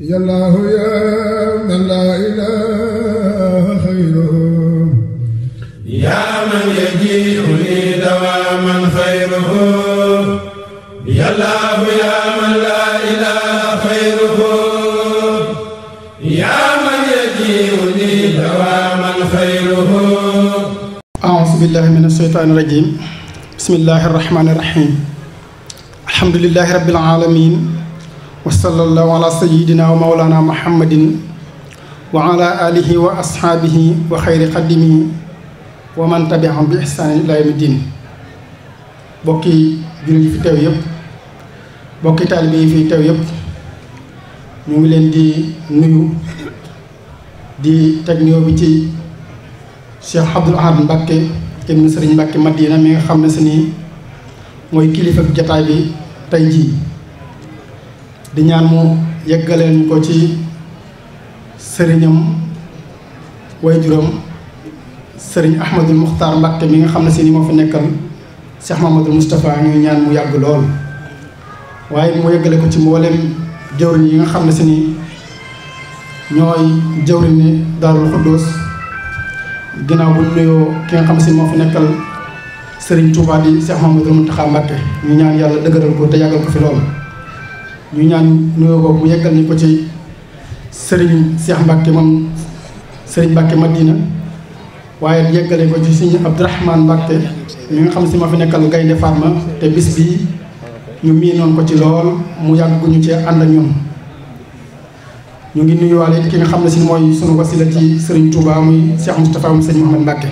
يا الله يا من لا إله غيره يا من يجيء دواما خيره يا الله يا من لا إله خيره يا من يجيء دواما خيره أعوذ بالله من الشيطان الرجيم بسم الله الرحمن الرحيم الحمد لله رب العالمين وصلى الله على سيدنا ومولانا محمد وعلى آله وأصحابه وخير قدمه ومن تبعهم بإحسان إلى يوم الدين بوكي جولي في تويب بوكي طالبي في تويب نيو لين دي نيو دي تكنيو بي تي شيخ عبد الاحد مبكي كيم سيرن مبكي مدينه مي خامسني موي كليفه جتاي بي تاي جي di ñaan mu yeggaleen ko ci sëriñam juróom sëriñ Ahmadul Muxtaar Mbàkke mi nga xam ne si ni moo fi nekkal Cheikh Mamadou Moustapha ñuy ñaan mu yàgg lool waaye mu yeggale ko ci mboolem jëwriñ yi nga xam ne si ni ñooy jëwriñi Daarul Xuddoos ginnaaw bu nuyoo ki nga xam si moo fi nekkal sëriñ Touba di Cheikh Mamadou Mountakha Mbàkke ñu ñaan yàlla dëgëral ko te yàggal ko fi lool ñu ñaan nuyoo boobu mu yeggal nañ ko ci sëriñ Cheikh Mbacke moom sëriñ Mbacke Madina waaye yeggale ko ci sëriñ Abdourahmane Mbacke mi nga xam si ma fi nekkal Gaynde Fatma te bis bii ñu miinoon ko ci lool mu yàgg ñu cee ànd ak ñun. ñu ngi nuyuwaale ki nga xam ne si mooy sunu wasila ci sëriñ Touba muy seex Moustapha mu sëriñ Mouhamed Mbacke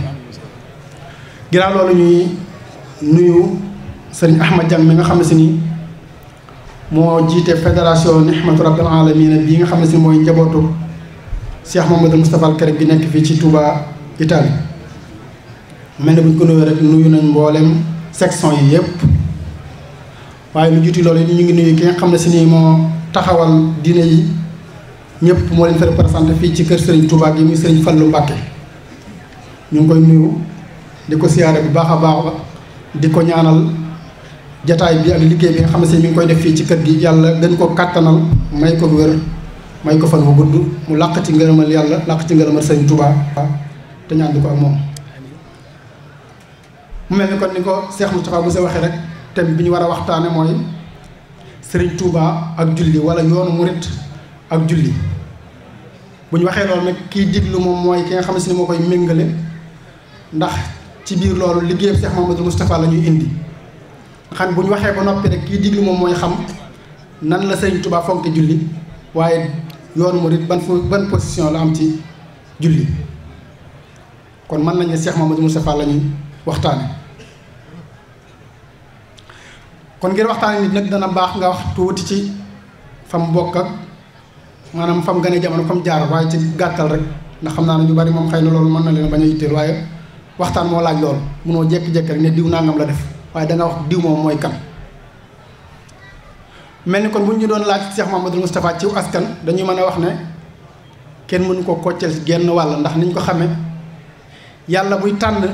ginnaaw loolu ñuy nuyu sëriñ Ahmad Diagne mi nga xam ne si nii. moo jiite fédération nihmatu rabbil alamina bii nga xam ne si mooy njabootu Cheikh ma Moustapha Al Karim bi nekk fii ci Touba Italie mel ne bu ñu ko nuyoo rek nuyu nañ mboolem section yi yëpp waaye lu jiitu loolu ñu ngi nuyu ki nga xam ne si nii moo taxawal diine yi ñëpp moo leen fa représenté fii ci kër Serigne Touba gi muy Serigne Fallou Mbacké ñu ngi koy nuyu di ko siyaare bi baax a baax di ko ñaanal. jataay bi ak liggéey bi nga xam ne si mi ngi koy def fii ci kër gi yàlla gën ko kàttanal may ko wér may ko fan bu gudd mu làq ci ngërëmal yàlla làq ci ngërëmal sëñ Touba te ñaan di ko ak moom mu mel ni kon ni ko Cheikh Moustapha bu sa waxee rek thème bi ñu war a waxtaane mooy sëriñ Touba ak julli wala yoonu murit ak julli bu ñu waxee loolu nag kiy diglu moom mooy ki nga xam si ni moo koy méngale ndax ci biir loolu liggéeyam Cheikh Mamadou Moustapha la ñuy indi xam bu ñu waxee ba noppi rek kii diglu moom mooy xam nan la sëriñ Tuubaa fonk julli waaye yoonu murit ban ban position la am ci julli kon mën nañ ne Cheikh Mamadou Moustapha la ñuy waxtaan kon ngir waxtaan nit nag dana baax nga wax tuuti ci fam bokk ak maanaam fam gane jamono fam jaar waaye ci gàttal rek ndax xam naa ne ñu bari moom xëy na loolu mën na leen bañ a yitteel waaye waxtaan moo laaj loolu munoo jékki-jékki rek ne diw nangam la def waaye da nga wax diw moom mooy kan. mel ni kon bu ñu doon laaj Cheikh Mouhamadoul Moustapha ci askan dañuy mën a wax ne kenn mënu ko koccel ci genn wàll ndax niñ ko xame yàlla buy tànn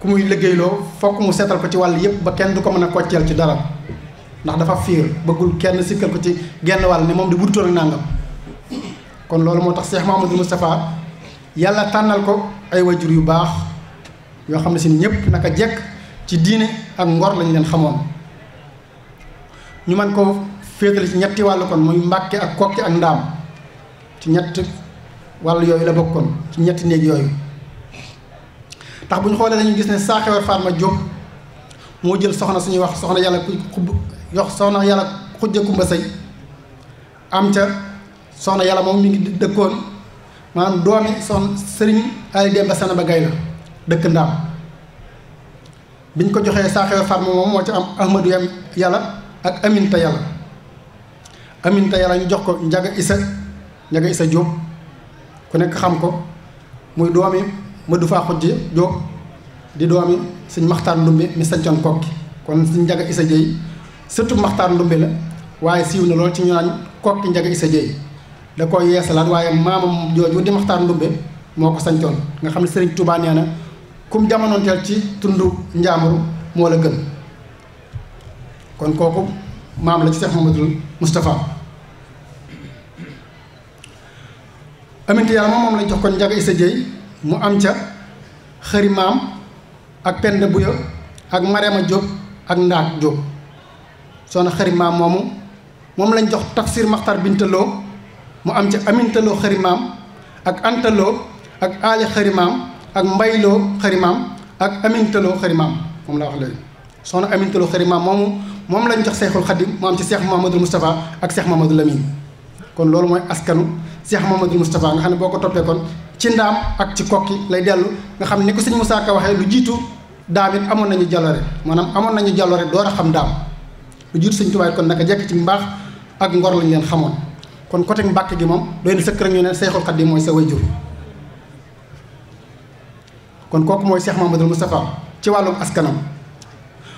ku muy liggéeyloo fokk mu seetal ko ci wàll yépp ba kenn du ko mën a koccel ci dara ndax dafa fiir bëggul kenn sikkal ko ci genn wàll ne moom di buddutoon ak nàngam kon loolu moo tax Cheikh Mouhamadoul Moustapha yàlla tànnal ko ay wajur yu baax yoo xam ne si ñëpp naka jekk ci diine ak ngor lañ leen xamoon ñu mën ko féetale ci ñetti wàll kon muy mbàkke ak kokki ak ndaam ci ñett wàll yooyu la bokkoon ci ñetti néeg yooyu tax bu ñu xoolee dañuy gis ne saaxewar Fatma Diop moo jël soxna suñuy wax soxna yàlla ku xub yox soxna yàlla xujja kumba sëy am ca soxna yàlla moom ñu ngi dëkkoon maa doomi soxna sëriñ Ali Demba Sanaba Gay la dëkk ndaam biñ ko joxee saaxew farm mom mo ci am ahmadu yam yalla ak yalla amin ta yalla ñu jox ko njaga isa njaga isa job ku nek xam ko muy doomi mëdu fa xujj do di doomi sëñ maxtaar ndumbe mi sancoon kokki kon sëñ njaga isa jey surtout maxtaar ndumbe la waye siw na lol ci ñaan kokki njaga isa jey da ko yeesalaat waye mamam jooju di maxtaar ndumbe moko ko nga xam ne touba neena na kum jamonoonteel ci tundu njaamuru moo la gën kon kooku maam la ci Cheikh Mamadou Moustapha aminti yàlla moom lañ jox kon njaga isa jéy mu am ca xëri maam ak pend buya ak marema jóob ak ndaak jóob soxna xëri maam moomu moom lañ jox tafsir maxtar bintaloo mu am ca amintaloo xëri maam ak antaloo ak aali xëri maam ak mbayloo xarimaam ak amintaloo xarimaam moom laa wax léegi soxna amintaloo xarimaam moomu moom lañ jox seexul xadim mu am ci seex Muhammadul Moustapha ak seex Muhammadul Lamine kon loolu mooy askanu seex Muhammadul Moustapha nga xam ne boo ko toppee kon ci ndaam ak ci kokki xam ko sëñ Moussa Ka waxee lu jiitu daam it amoon nañu jaloore maanaam amoon nañu jaloore door a xam daam lu jiitu sëñ Tuubaa kon naka jekk ci mbaax ak ngor lañ leen xamoon kon côté Mbàkke gi moom doy na sëkk rek ne seexul xadim mooy sa wayjur kon kooku mooy Cheikh Mamadou Moustapha ci wàllum askanam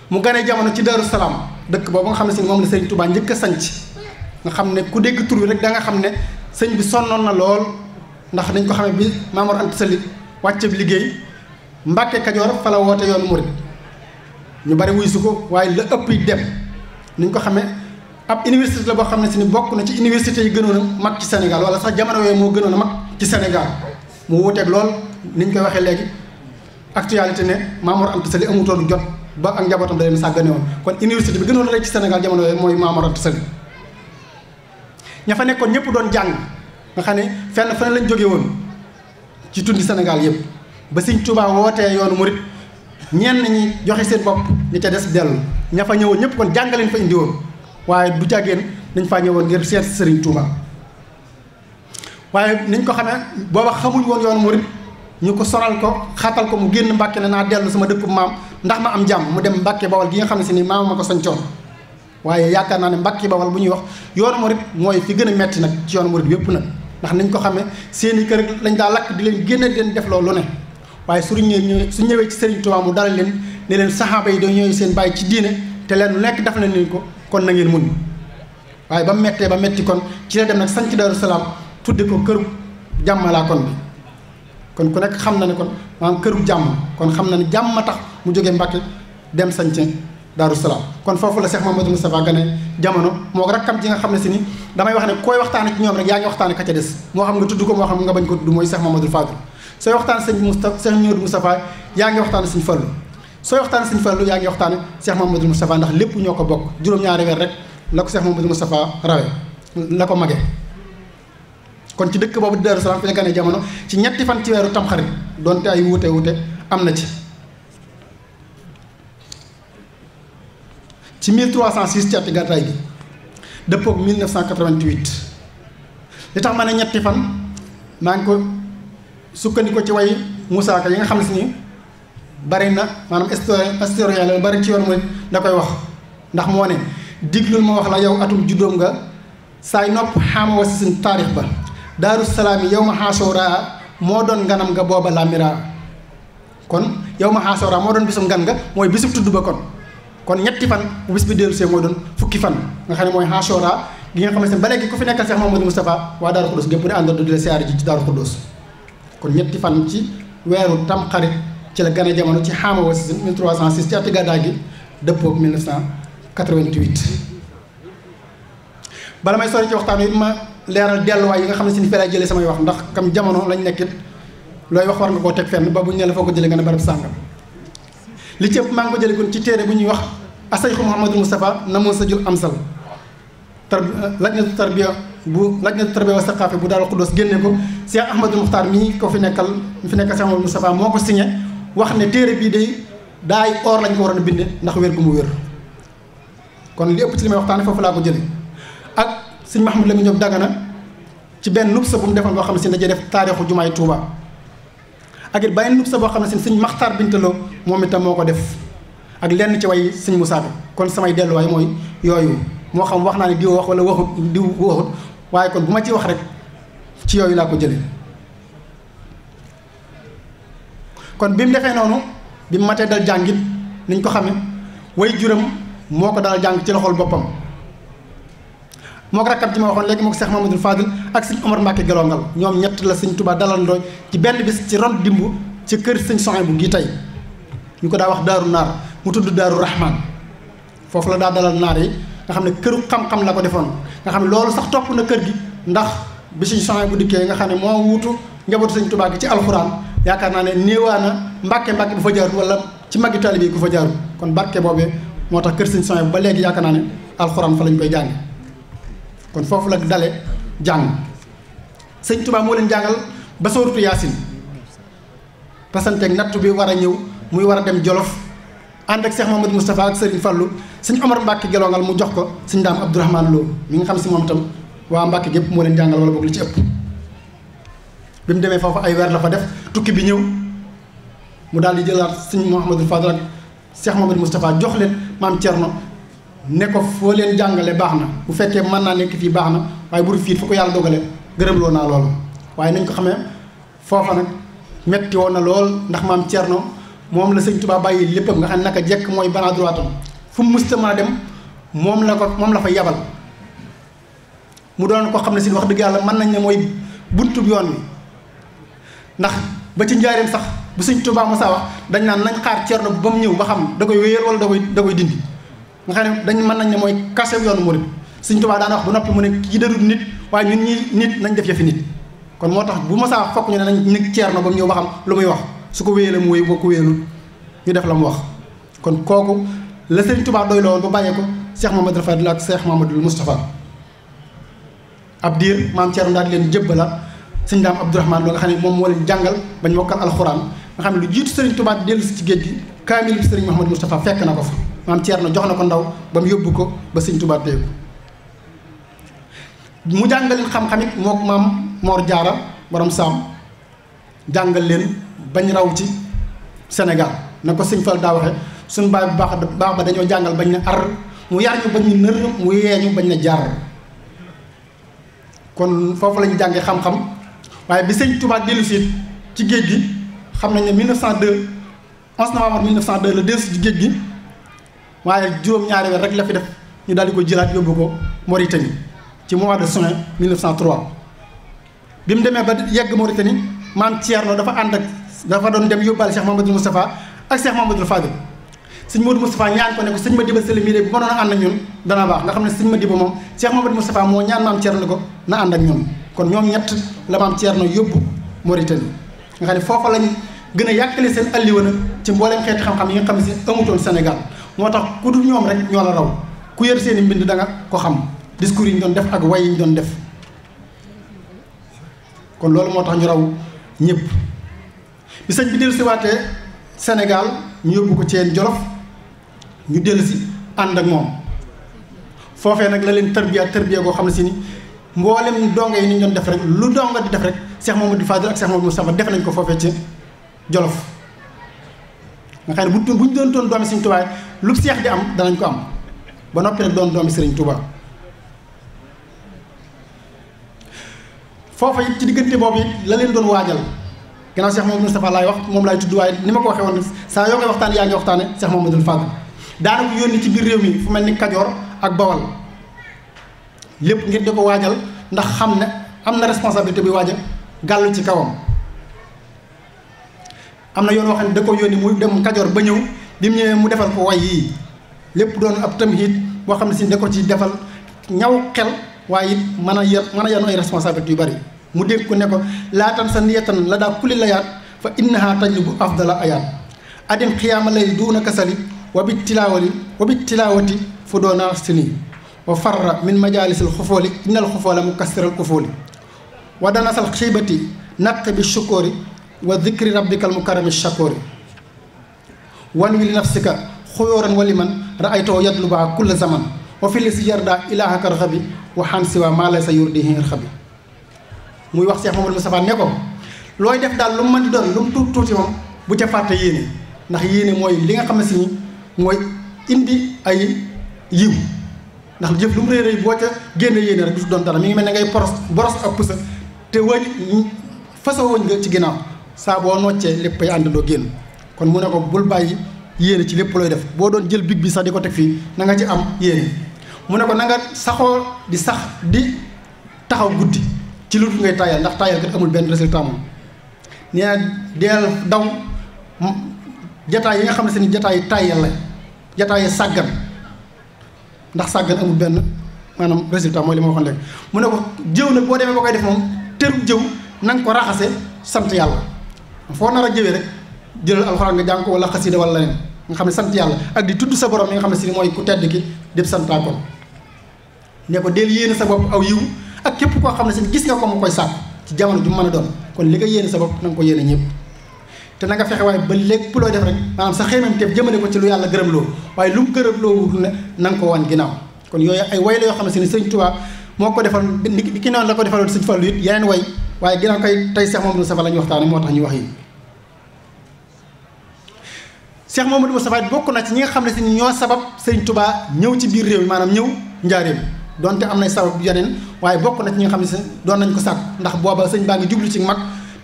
mu ganee jamono ci Darou Salaam dëkk boobu nga xam ne si moom la Serigne Touba njëkk a sañc nga xam ne ku dégg tur bi rek da nga xam ne sëñ bi sonnoon na lool ndax dañ ko xamee bi Maamor ant Sali wàcce bi liggéey Mbàkke Kajoor fa la woote yoonu murit ñu bari wuy su ko waaye la ëpp yi dem niñ ko xamee ab université la boo xam ne si ni bokk na ci université yi gënoon a mag ci Sénégal wala sax jamono moo gënoon a mag ci Sénégal mu wuuteeg lool niñ koy waxee léegi actualité ne Maamor Anta Sali amutoon jot ba ak njabootam da leen sàggane woon kon université bi gënoon rëy ci Sénégal jamono yooyu mooy Maamor Anta Sali ña fa nekkoon ñëpp doon jàng nga xam ne fenn fenn lañ jóge woon ci tundi Sénégal yëpp ba Sëñ Tuubaa wootee yoonu murit ñenn ñi joxe seen bopp ñi ca des dellu ña fa ñëwoon ñëpp kon jàngaleen fa indi waaye bu jàggeen dañ faa ñëwoon ngir seet Sëriñ Tuubaa waaye niñ ko xamee booba xamuñ woon yoonu murit ñu ko sonal ko xatal ko mu génn mbàkke na naa dellu sama dëkku maam ndax ma am jàmm mu dem mbàkke bawal gi nga xam ne si ni maam ma ko sañcoon waaye yaakaar naa ne mbàkke bawal bu ñuy wax yoonu murit mooy fi gën a metti nag ci yoonu murit yépp nag ndax nañ ko xamee seen i kër lañ daa lakk di leen génne di leen def loolu ne waaye su ñëwee su ñëwee ci seen Touba mu dalal leen ne leen saxaaba yi dañoo seen bàyyi ci diine te leen lu nekk def na leen ko kon na ngeen muñ waaye ba mu mettee ba metti kon ci la dem nag sanc Daaru Salaam tudde ko këru jàmmalaa bi kon ku nekk xam na ne kon maanaam këru jàmm kon xam na ne jàmm ma tax mu jóge Mbàkke dem sañce Daaru Salaam kon foofu la Cheikh Mamadou Moustapha gane jamono moo rakkam ji nga xam ne si ni damay wax ne koy waxtaan ci ñoom rek yaa ngi waxtaane ka ca moo xam nga tudd ko moo xam nga bañ ko tudd mooy Cheikh Mamadou Fadil sooy waxtaan sëñ Moustapha Cheikh Mamadou Moustapha yaa ngi waxtaane sëñ ndax lépp ñoo ko bokk juróom-ñaari weer rek la ko Cheikh Mamadou Moustapha rawe la ko magee kon ci dëkk boobu Daaru Salaam fi nekk jamono ci ñetti fan ci weeru tamxarit donte ay wuute wuute am na ci ci 1306 ci ati gàttaay gi dëppoog 1988 li tax ne ñetti fan maa ngi ko sukkandiku ci way Moussa Ka yi nga xam ni bari na manam historien historien la bari ci yoon mooy da koy wax ndax moo ne diglul ma wax la yow atum juddoom nga say nopp xaama sin taarix ba daaru salaam yow ma xaasooraa moo doon nganam nga booba lamiraa kon yow ma xaasooraa moo doon bisum ngan nga mooy bisub tudd ba kon kon ñetti fan bu bis bi dellusee moo doon fukki fan nga xam ne mooy xaasooraa gi nga xam ne ba léegi ku fi nekkal Cheikh Mamadou Moustapha waa daaru xuddos gépp ne àndandoo di la siyaare ji ci daaru xuddos kon ñetti fan ci weeru tamxarit ci la gane jamono ci xaama wa 1306 ci atti gàddaa gi dëppoog 1988 bala may sori ci leral delluwaay yi nga xam ne ni fi lay jëlee samay wax ndax kam jamono lañ nekkit looy wax war nga koo teg fenn ba buñ ne la foo ko jëlee nga ne barab sàngam li ci ëpp maa ngi ko jëlee kon ci téere bu ñuy wax asayxu Mouhamadou Moustapha na moo sa jul am sal tarbiya bu lajnatu tarbiya wa saqaafe bu daal xuddoos génne ko Cheikh Ahmadou Moukhtar mi ko fi nekkal fi nekkal Cheikh Mouhamadou Moustapha moo ko signé wax ne téere bii day daay or lañ ko waroon a ndax wér gu mu wér kon li ëpp ci li may waxtaane foofu laa ko jëlee sëñ Mahmoud Lamine Diop Dagana ci benn nub sa bu mu defoon boo xam ne si dajee def taarixu jumay Touba ak it bàyyi nub sa boo xam ne si sëñ Maxtaar Bintaloo moom itam moo ko def ak lenn ci way sëñ Moussa bi kon samay delluwaay mooy yooyu moo xam wax naa ne diw wax wala waxut diw waxut waaye kon bu ma ci wax ci yooyu laa ko jëlee kon bi mu defee noonu bi mu matee dal jàngit niñ ko xamee way juram moo ko daal jàng ci loxol boppam moo ko rakkam ci ma waxoon léegi moo ko Cheikh Mamadou Fadil ak sëñ Omar Mbacke Gelongal ñoom ñett la sëñ Touba dalandoo ci benn bis ci ron dimbu ci kër sëñ Sohaibou bu ngi tey ñu ko daa wax daaru naar mu tudd daaru rahman foofu la daa dalal naar yi nga xam ne këru xam-xam la ko defoon nga xam ne loolu sax topp na kër gi ndax bi sëñ Sohaibou bu dikkee nga xam ne moo wuutu njabootu sëñ Touba gi ci alxuraan yaakaar naa ne néewaana mbàkke mbàkke bu fa jaarul wala ci maggi taalibe yi ku fa jaarul kon barke boobee moo tax kër sëñ Sohaibou ba léegi yaakaar naa ne alxuraan fa lañ koy jànge kon foofu la dale jàng sëñ Tuubaa moo leen jàngal ba sóoratu yaasin tasanteeg natt bi war a ñëw muy war a dem Jolof ànd ak Cheikh Mamadou Moustapha ak Serigne Fallou sëñ Omar Mbacke gelongal mu jox ko sëñ Daam Abdourahmane Lo mi nga xam si moom itam waa Mbacke gépp moo leen jàngal wala boog demee foofu ay weer la def tukki bi ñëw mu daal di jëlaat sëñ Mouhamadou Fadal ak Cheikh Mamadou Moustapha jox leen maam Thierno ne ko foo leen jàngale baax na bu fekkee mën naa nekk fii baax na waaye bu dul fii fu ko yàlla dogale gërëmloo naa loolu waaye nañ ko xamee foofa nag metti woon na lool ndax maam Thierno moom la sëñ Tuubaa bàyyi léppam nga xam ne naka mooy banaa droitam fu mu dem moom la ko moom la fa yabal mu doon ko xam ne si wax dëgg yàlla mën nañ ne mooy buntub yoon wi ndax ba ci njaareem sax bu sëñ Tuubaa mosaa wax dañ naan nañ xaar Thierno ba mu ñëw ba xam da koy wéyal wala da da koy dindi nga xam ne dañ mën nañ ne mooy kase yoonu murid sëñ tubaa daana wax ba noppi mu ne kii dadul nit waaye ñun ñi nit nañ def yëfi nit kon moo tax bu masaa fokk ñu nañ na ba mu ñëw waxam lu muy wax su ko mu wéy ko ñu def wax kon kooku la sëñ tubaa doy la woon ba bàyyee ko cheikh mamadou Mustafa, ak cheikh mamadou moustapha ab diir maam ceerno daal di leen jëbbala sëñ daam abdourahman lo nga xam ne moom leen jàngal bañ nga lu jiitu sëriñ tubaa dellu ci géej gi kaamil bi fekk na ko fa maam na jox na ko ndaw ba mu yóbbu ko ba sëñ Tuubaa téye ko mu jàngal leen xam-xam it mook maam Mor Jaara waroom saam jàngal leen bañ raw ci Sénégal na ko sëñ Fall daa waxe suñ baay bu baax baax ba dañoo jàngal bañ na arr mu yar ñu bañ na nër mu yee ñu bañ na jaar kon foofu lañu jànge xam-xam waaye bi sëñ Tuubaa dellu si ci géej gi xam nañ ne 1902 11 novembre 1902 la dellu si ci géej gi waaye juróom-ñaari weer rek la fi def ñu daal di ko jëlaat yóbbu ko Mauritanie ci mois de juin 1903 bi mu demee ba yegg Mauritanie maam Thierno dafa ànd ak dafa doon dem yóbbaale Cheikh Mamadou Moustapha ak Cheikh Mamadou Fadil sëñ Modou Moustapha ñaan ko ne ko sëñ Madiba Sëli mii de bu ma doon ànd ak ñun dana baax nga xam ne sëñ Madiba moom Cheikh Mamadou Moustapha moo ñaan maam Thierno ne ko na ànd ak ñoom kon ñoom ñett la maam Thierno yóbbu Mauritanie nga xam ne foofa lañ gën a yàkkale seen alliwana ci mboolem xeeti xam-xam yi nga xam ne si amutoon Sénégal motax tax ku dul ñoom rek ñola raw ku yër seen mbind da nga ko xam discours yi ñu doon def ak way yi ñu doon def kon loolu moo tax ñu raw ñëpp bi sëñ bi dellusi waté Sénégal ñu yóbbu ko ceen Jolof ñu dellusi ànd ak moom foofee nag la leen tërbiya tërbiya goo xam ne si ni mboolem donga yi ñu doon def rek lu donga di def rek Cheikh Mamadou Fadil ak Cheikh Mamadou Moustapha def nañ ko foofee ci Jolof nga xam ne bu bu ñu doon doon doomi Sëriñ Tuubaa lu seex di am danañ ko am ba noppi nag doon doomi Sëriñ Tuubaa foofa it ci diggante boobu la leen doon waajal gannaaw Cheikh Mamadou Moustapha laay wax moom laay tudd waaye ni ma ko waxee woon saa yoo koy waxtaan yaa ngi waxtaane Cheikh Mamadou Fadl daanaka yónni ci biir réew mi fu mel ni Kajoor ak Bawal lépp ngir di ko waajal ndax xam ne am na responsabilité bi waajal gàllu ci kawam am na yoon woo xam ne da ko yónni mu dem Kajoor ba ñëw bi mu ñëwee mu defal ko way yii lépp doon ab tamhid boo xam ne si da ko ci defal ñaw xel waaye it mën a yor mën a yor ay responsabilités yu bari mu dégg ko ne ko laatan sa niyatan la daa kulli layaat fa innaha tajlibu afdala ayaat adim xiyaama lay duuna kasali wa bi tilaawali wa bi tilaawati fu doona sini wa farra min majaalisil xofooli innal xofoola mu kastiral kofooli wa danasal xiibati naq bi sukkoori وذكر ربك المكرم الشكور وانوي لنفسك خيورا ولمن رأيته يطلب كل زمن وفي لس يرضى إلهك الرغبي وحان سوى ما ليس يرضيه الرغبي muy wax Cheikh Mamadou Moustapha ne ko looy def daal lu mu mën di doon lu mu tuuti tuuti moom bu ca fàtte yéene ndax yéene mooy li nga xam ne si ni mooy indi ay yiw ndax jëf lu mu rëy rëy boo ca génne yéene rek du doon dara mi ngi mel ne ngay poros boros ak pusa te wëñ fasoo wëñ nga ci ginnaaw saa boo lepp ay andalo génn kon mu ne ko bul bayyi yéene ci lepp loy def bo doon jël big bi sax diko tek fi na nga ci am yéene mu ne ko nanga nga saxoo di sax di taxaw guddi ci lutu ngay tayal ndax tayal kat amul ben resultat moom nee del deel daw jataay yi nga xamne ne jota yi tayal la yi sàggan ndax sàggan amul ben manam resultat mooy li ma waxoon mu ne ko jew na bo demee ba koy def mom teru jew nang ko raxase sante yalla foo nar a jëwee rek jëlal alxuraan nga jàng ko wala xasida wala leneen nga xam ne sant yàlla ak di tudd sa boroom bi nga xam ne si mooy ku tedd ki def santaakoon ne ko del yéene sa bopp aw yiw ak képp koo xam ne seen gis nga ko mu koy sàkk ci jamono ju mën a doon kon li nga yéene sa bopp na nga ko yéene ñëpp te na nga fexe waaye ba lépp looy def rek maanaam sa xéemanteef jëmale ko ci lu yàlla gërëm loo waaye lu mu gërëm loo na ko wan ginnaaw kon yooyu ay way la yoo xam ne si ne sëñ Tuubaa moo ko defal di ki noonu la ko defaloon sëñ Fallu it yeneen way waaye ginnaaw kay tey Cheikh Mamadou Moustapha la ñu moo tax ñu wax yi Cheikh Mamadou Moustapha bokk na ci ñi nga xam ne si ñoo sabab Serigne tubaa ñëw ci biir réew mi maanaam ñëw njaareem donte am nay sabab yeneen waaye bokk na ci ñi nga xam ne si doon nañ ko sàkk ndax booba sëñ baa ngi jublu ci mag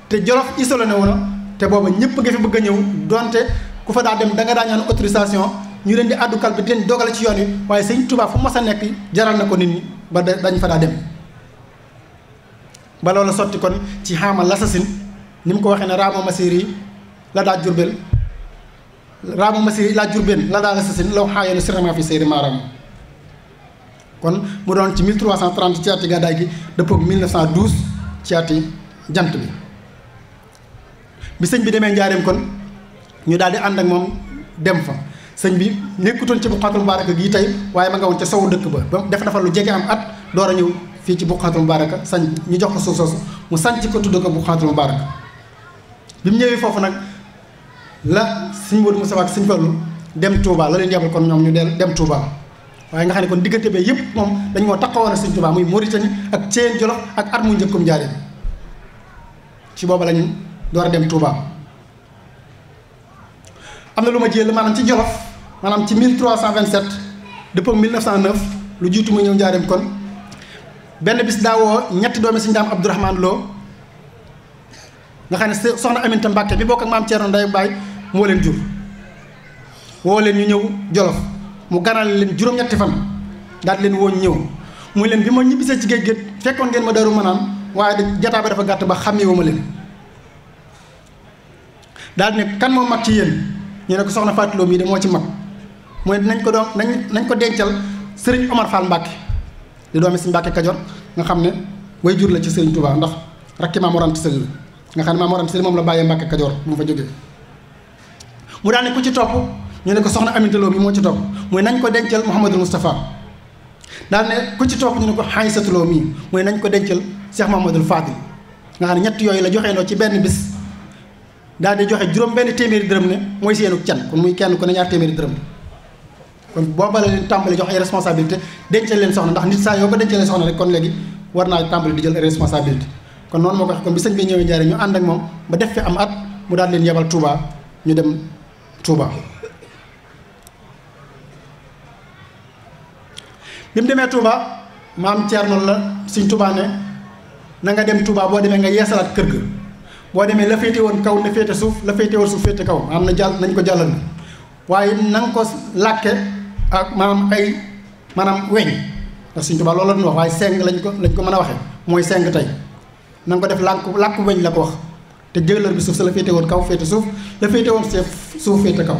te Jolof isolé na woon te booba ñëpp nga fi bëgg a ñëw donte ku fa daa dem da nga daa ñaan autorisation ñu leen di àddukal bi di leen dogale ci yoon wi waaye Serigne tubaa fu mos a nekk jaral na ko nit ñi ba dañ fa daa dem ba loola soti kon ci xaamal lassasin nim ko waxe na masiri la da jurbel rama masiri la jurbel la da lassasin law xaayoon sirama fi sayri maram kon mu don ci 1330 ciati gaday gi dëppoog 1912 ciati jant bi bi señ bi deme ndiarem kon ñu daldi and ak mom dem fa señ bi nekkuton ci bu khatul baraka gi tay waye ma nga won ci sawu dekk ba def na lu jégué am at doora fii ci Buqaatul Mubaaraka sañ ñu jox ko suuf soosu mu sañ ci ko tudd ko Buqaatul Mubaaraka bi mu ñëwee foofu nag la suñ Moodu mu ak suñ Fallu dem Touba la leen yebal kon ñoom ñu del dem Touba waaye nga xam ne kon diggante bee yëpp moom dañ moo taxawoon ak suñ Touba muy Mauritanie ak Thièyeen jolo ak at mu njëkkum Njaaréem ci booba la ñu door a dem Touba am na lu ma jël maanaam ci Jolof maanaam ci 1327 dëppoo 1909 lu jiitu mu ñëw Njaaréem kon. benn bis daawoo ñetti doomi sëñ daam Abdourahmane Lo nga xam ne soxna Aminta Mbàkke bi boo ko maam Thierno Ndeye Baye moo leen jur woo leen ñu ñëw Jolof mu ganal leen juróom-ñetti fan daal leen woo ñëw muy leen bi ma ñibbisee ci géej géej fekkoon ngeen ma daru manaam waaye da jataa dafa gàtt ba xàmmeewu ma leen daal ne kan moo mag ci yéen ñu ne ko soxna Fatou Lo mii de moo ci mag mooy nañ ko doon nañ nañ ko dencal sëriñ Omar Fall Mbàkke di doomi Sëñ Mbàkke Kajoor nga xam ne way jur la ci Sëriñ Tuubaa ndax rakki Maam Mor Anta Sali nga xam ne ma Mor Anta Sali moom la bàyyee Mbàkke Kajoor bu mu fa jógee mu daal ne ku ci topp ñu ne ko soxna Aminta Lo bi moo ci topp muy nañ ko dencal Mouhamadou Moustapha daal ne ku ci topp ñu ko Aïssatou Lo mii muy nañ ko dencal Cheikh Mouhamadoul Fadil nga xam ne ñett yooyu la joxee noo ci benn bis daal di joxe juróom benn téeméeri dërëm ne mooy seenu can kon muy kenn ku ne ñaar téeméeri dërëm kon boo bale leen tàmbali jox ay responsabilité dencal leen soxna ndax nit saa yoo ko dencal leen soxna rek kon léegi war naa tàmbali di jël ay responsabilité kon noonu moo ko wax kon bi sëñ bi ñëwee njaare ñu ànd ak moom ba def fi am at mu daal leen yebal Touba ñu dem Touba bi mu demee Touba maam noonu la sëñ Touba ne na nga dem Touba boo demee nga yeesal yeesalaat kër ga boo demee la féete woon kaw na féete suuf la féete woon suuf féete kaw am na jàll nañ ko jàllal waaye na nga ko ak maanaam ay maanaam weñ ndax Sëñ Tuubaa loolu la ñu wax waaye seng lañ ko lañ ko mën a waxee mooy seng tey nanga ko def làkk làkk weñ la ko wax te jëlër bi suuf sa la féete woon kaw féete suuf la féete woon suuf féete kaw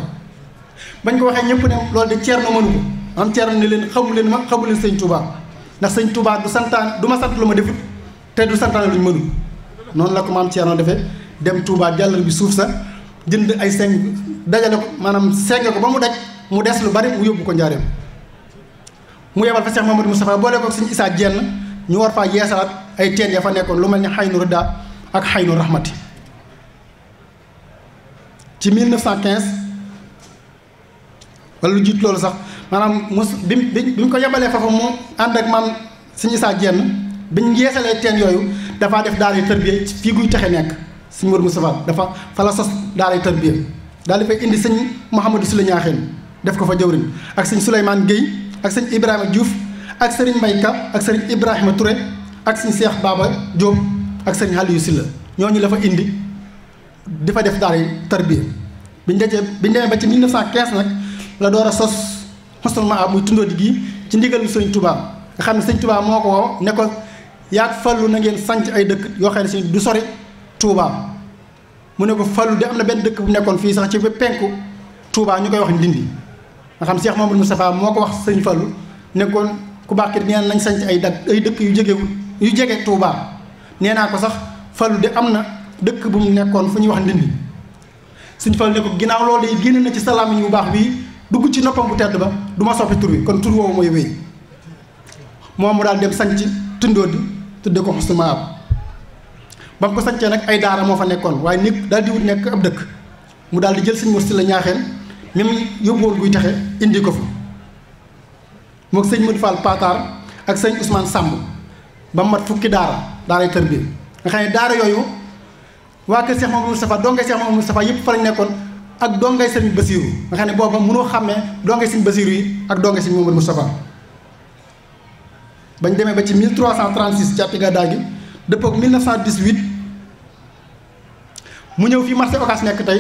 bañ ko waxee ñëpp ne loolu de Ceerno mënu ko am Ceerno ne leen xamu leen ma xamu leen Sëñ Tuubaa ndax Sëñ Tuubaa du santaan du ma sant lu ma defut te du santaan lu ñu mënul noonu la ko maam Ceerno defee dem Tuubaa jàllar bi suuf sa jënd ay seng dajale ko maanaam seng ko ba mu daj mu des lu bari mu yóbbu ko njaareem mu yebal fa Cheikh Mamadou Moustapha boole ko suñu isaa jenn ñu war faa yeesalaat ay teen ya fa nekkoon lu mel ni xaynu rëdda ak xaynu rahmati ci 1915 wala lu jiit loolu sax maanaam mu bi bi ñu ko yebalee foofu mu ànd ak maam suñu isaa jenn biñ yeesalee teen yooyu dafaa def daara tërbiye fii kuy texe nekk suñu mu Moustapha dafa fa la sos ay tërbiye daal di fay indi sëñ si la Ñaaxeen def ko fa jëwriñ ak sëñ Souleymane Guèye ak sëñ Ibrahima Diouf ak sëriñ Mbaye Ka ak sëriñ Ibrahima Touré ak sëñ Cheikh Baba Diop ak sëriñ Aliou ñoo ñu la fa indi di fa def daara yi tarbiya biñ dajee biñ demee ba ci 1915 nag la door a sos xosnul ma muy tundoodi gi ci ndigalu sëñ Touba nga xam ne sëñ Touba moo ko woo ne yaat fallu na ngeen sanc ay dëkk yoo xam ne si du sori Touba mu ne ko fallu de am na benn dëkk bu nekkoon fii sax ci ba penku ñu koy wax Ndindi nga moom Cheikh mu Moustapha moo ko wax sëñ Fallu nekkoon ku baax ki neen nañ sanc ay dak ay dëkk yu jegewul yu jege Touba nee naa ko sax falu de am na dëkk bu mu nekkoon fu ñuy wax ndindi sëñ Fallu ne ko ginnaaw loolu day génn na ci salaamiñ bu baax bii dugg ci noppam bu tedd ba du ma soppi tur bi kon tur woowu mooy wéy moom mu daal dem sanc tundóo di tudde ko xusuma ab ba mu ko sancee nag ay daara moo fa nekkoon waaye nekk daal di wut nekk ab dëkk mu daal di jël sëñ Mursi la ñaaxeen mi mu yóbbuwoon taxe indi ko fa moog sëñ mu Fall Patar ak sëñ Ousmane Samb ba mat fukki daara daaray tarbiya nga xam ne daara yooyu waa kër Cheikh Mamadou Moustapha dongay Cheikh Mamadou Moustapha yëpp fa lañ nekkoon ak dongay sëñ Basiiru nga xam ne booba mënoo xàmmee dongay sëñ Basiiru yi ak dongay sëñ Mamadou Moustapha bañ demee ba ci 1336 jàppi gàddaa gi dëppoog 1918 mu ñëw fii marché Ocass nekk tey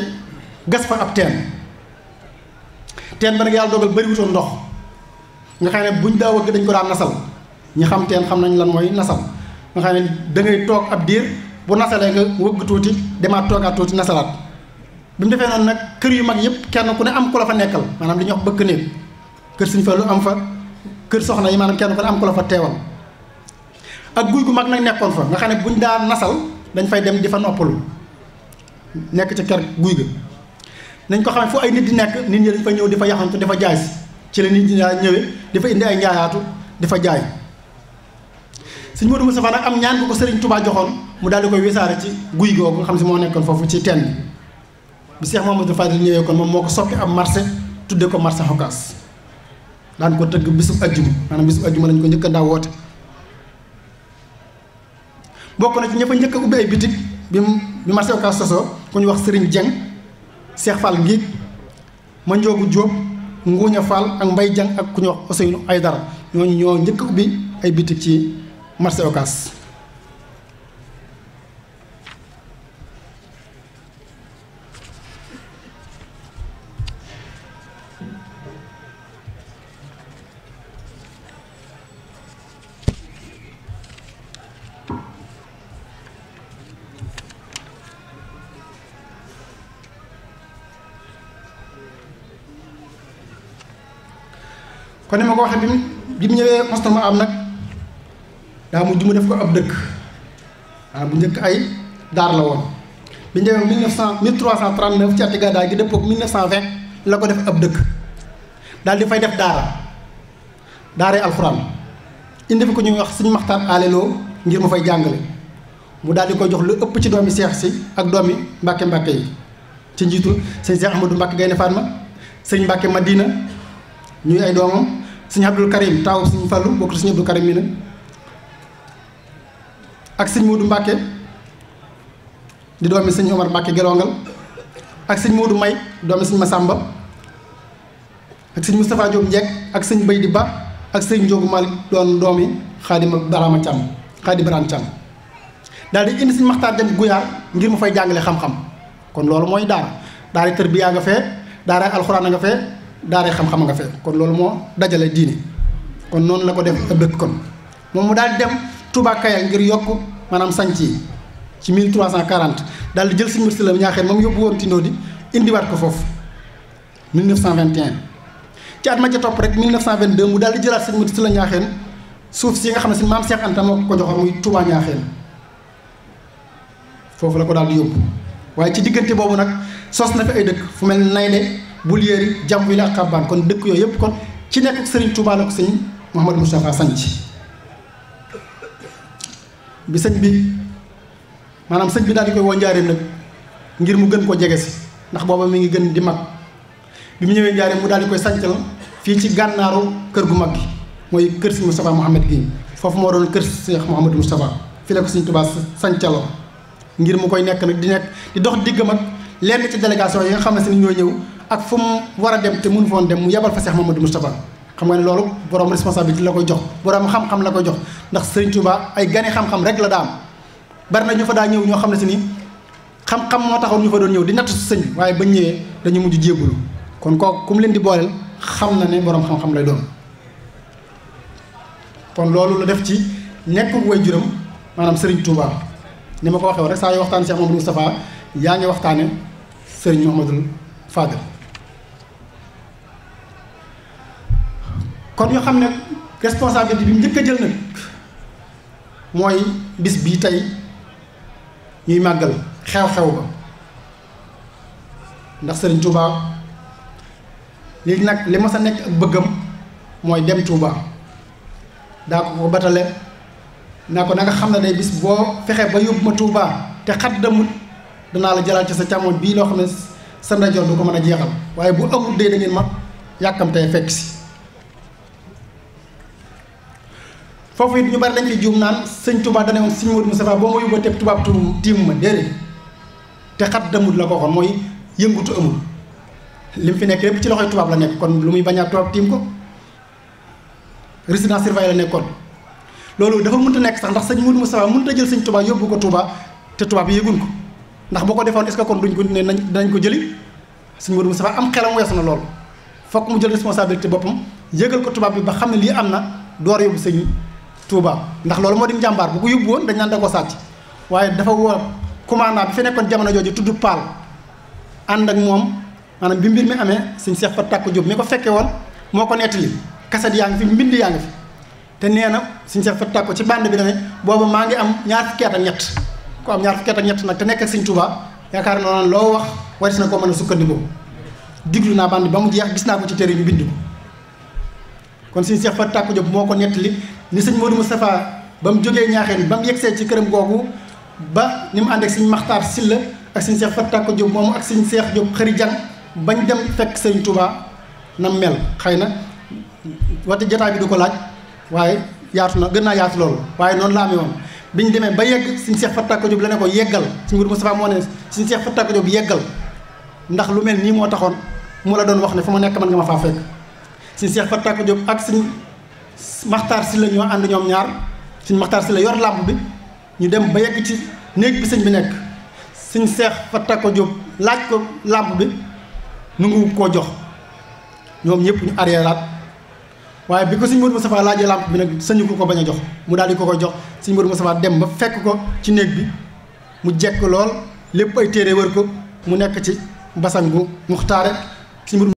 gas fa ab teen teen ba nag yàlla dogal bëriwutoon ndox nga xam ne buñ daa wëgg dañ ko daan nasal ñi xam teen xam nañ lan mooy nasal nga xam ne da ngay toog ab diir bu nasalee nga wëgg tuuti demaat toogaat tuuti nasalaat bi mu defee noonu nag kër yu mag yëpp kenn ku ne am ku fa nekkal maanaam li ñuy wax kër suñ fa am fa kër soxna yi maanaam kenn ku ne am ku fa teewal ak guy gu mag nag nekkoon fa nga xam ne buñ daan nasal dañ fay dem di fa noppalu nekk ci kër guy ga nañ ko xamé fu ay nit di nek nit ñi dañ fa ñew di fa yaxantu di fa jaay ci la nit ñi ñewé di fa indi ay ñaayatu di fa jaay sëñ Modou Moustapha nak am ñaan bu ko Serigne Touba joxon mu dal di koy wisaare ci guuy gog xam si mo nekkoon fofu ci tenn bi Cheikh Mamadou Fadil ñewé kon mom moko ko soppi am marché tuddé ko marché hokas dan ko teug bisub aljum manam bisub aljum lañ ko ñëk a wote bokku na ci ñëpp ñëk a ay bitig bi bi marché hokas soso ku ñu wax Serigne jeng Cheikh Fall ngiig ma njoogu Diop Nguña Fall ak Mbay Jang ak ku ñu ay dara Aydara ñooñu ñoo njëkk ubbi ay bitik ci marché Ocass kon ni ma ko waxee bi bi mu ñëwee mostal am nak da mu mu def ko ab dekk ah bu ñëk ay dar la won bi ñëwee 1900 1339 ci ati gi depp ak 1920 la ko def ab dekk dal di fay def dar daaree alquran indi fi ko ñu wax suñu maxtaan alelo ngir mu fay jangale mu dal di ko jox lu ëpp ci doomi cheikh ci ak doomi mbàkke mbàkke yi ci njitu sëñ Seex Ahmadou Mbàkke Gaynde Fatma sëñ Mbàkke Madina ñuy ay doomam seigne Abdul Karim taw seigne Fallou bokku seigne Abdul Karim mina Aksi ak seigne Modou Mbacke di doomi seigne Omar Mbacke gelongal ak seigne Modou May doomi seigne Massamba ak seigne mustapha Diop ndiek ak seigne Baydi Ba ak seigne diogu Malick doon doomi khadim Barama cham khadim Barama cham dal di indi seigne Maxtaar Jam guyar ngir mu fay jangale xam-xam kon loolu mooy daara daara terbiya nga fee daara nga fe daaree xam-xam nga fee kon loolu moo dajale diine kon noonu la ko dem ab dëkk kon moom mu daal di dem tubaakaya ngir yokk maanaam sanc yi ci 1340 daal di jël si mbir si la ñaaxeen moom yóbbu woon Tindoo di indiwaat ko foofu 1921. ci at ma ci topp rek 1922 mu daal di jëlaat si mbir si la ñaaxeen suuf si nga xam ne si maam Cheikh Anta moo ko joxoon muy Touba ñaaxeen foofu la ko daal di yóbbu waaye ci diggante boobu nag sos na fi ay dëkk bul yéeri jàmm wi la ak kon dëkk yooyu yëpp kon ci nekk sëriñ Touba la ko sëñ Mouhamadou Moustapha sanc bi sëñ bi maanaam sëñ bi daal di koy woo ngir mu gën ko jege si ndax booba mi ngi gën di mag bi mu ñëwee njaareem mu daal di koy sancal fii ci gànnaaru kër gu mag mooy kër si Moustapha Mouhamed gi foofu moo kër Cheikh Mouhamadou Moustapha fi la ko sëñ Touba sancaloo ngir mu koy nekk nag di nekk di dox diggam ak lenn ci délégation yi nga xam ne si ni ñoo ñëw ak fu mu war a dem te mënu foon dem mu yebal fa Cheikh Mamadou Moustapha xam nga ne loolu borom responsabilité la ko jox borom xam-xam la ko jox ndax Serigne Touba ay gane xam-xam rek la daa am bari na ñu fa daa ñëw ñoo xam ne si ni xam-xam moo taxoon ñu fa doon ñëw di natt su sëñ waaye ba ñëwee dañu mujj jébbalu kon kooku ku mu leen di booleel xam na ne borom xam-xam lay doon kon loolu la def ci nekk way juram maanaam Serigne Touba ni ma ko waxee rek saa yoo waxtaan Cheikh Mamadou Moustapha yaa ngi waxtaane Serigne Mouhamadou kon ñu xam ne responsabilité bi mu a jël nag mooy bis bii tey ñuy màggal xew-xew ba ndax Serigne Touba léegi nag li ma sa nekk ak bëggam mooy dem Touba daa ko ko batale naa ko na xam ne day bis boo fexe ba yóbbu ma Touba te xat damut danaa la jalaat ci sa càmmoñ bii loo xam ne sa ndajoor du ko mën a jeexal waaye bu amul dee da ngeen ma yàkkamtee fekk si fofu it ñu bari dañ fi joom naan sëñ Touba dane woon sëñ Modou Moustapha boo ma yóbboo teb tubaab tuum tiim ma déedéet te xat damut la ko xon moy yengutu amul lim fi nek lépp ci loxoy tubaab la nek kon lu muy baña a tim ko résidence survey la nekkon lolu dafa mënta nek sax ndax sëñ Modou Moustapha mënta jël sëñ Touba yobbu ko Touba te bi yëguñ ko ndax boo ko defoon est-ce kon duñ ko ne nañ ko jëli sëñ Modou Moustapha am xelam wess na lool fokk mu jël responsabilité bopam yëgal ko tubaab bi ba xamni li amna door yobbu sëñ Touba ndax loolu moo di njàmbaar bu ko yóbbu woon dañ naan da ko sàcc waaye dafa woo commandant bi fi nekkoon jamono jooju tudd Paal ànd ak moom maanaam bi mbir mi amee suñ Seex Fa Tàkk Jóob mi ko fekke woon moo ko nettali kaset fi mbind yaa fi te nee na suñ Fa Tàkk ci bande bi na ne boobu ngi am ñaar fukki at ak ñett ku am ñaar fukki at ak ñett nag te nekk ak suñ Touba yaakaar naa loo wax waris na koo mën a diglu naa bande ba mu jeex gis naa ko ci téere ñu bind kon suñ Seex Fa Tàkk Jóob moo ko ni sëñ Modou Moustapha ba mu jógee ñaaxeen ba mu yegsee ci këram googu ba ni mu ànd ak sëñ Maxtaar Silla ak sëñ Cheikh Fatakko Diop moom ak sëñ Cheikh Diop xëri jang bañ dem fekk sëñ Touba nam mel xëy na wati jotaay bi du ko laaj waaye yaatu na gën naa yaatu loolu waaye noonu la amee woon demee ba yegg sëñ Cheikh Fatakko Diop la ne ko yeggal sëñ Modou Moustapha moo ne sëñ Cheikh Fatakko Diop yeggal ndax lu mel nii moo taxoon moo la doon wax ne fu ma nekk man nga ma faa fekk sëñ Cheikh Fatakko Diop ak sëñ maxtaar si la ñoo ànd ñoom ñaar suñ maxtaar si la yor làmp bi ñu dem ba yegg ci néeg bi sëñ bi nekk suñ seex fatta ko jóob laaj ko làmp bi nungu koo jox ñoom ñëpp ñu arrièreaat waaye bi ko suñ Modou Moustapha laajee làmp bi nag sëñu ko ko bañ a jox mu daal di ko koy jox suñ Modou Moustapha dem ba fekk ko ci néeg bi mu jekk lool lépp ay téere wër ko mu nekk ci basan bu muxtaare suñ